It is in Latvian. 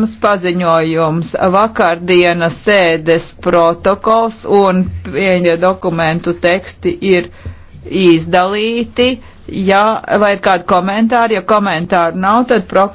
Mums paziņojums vakardienas sēdes protokols un pieņa dokumentu teksti ir izdalīti. Ja, vai ir kādi komentāri? Ja komentāru nav, tad protokols.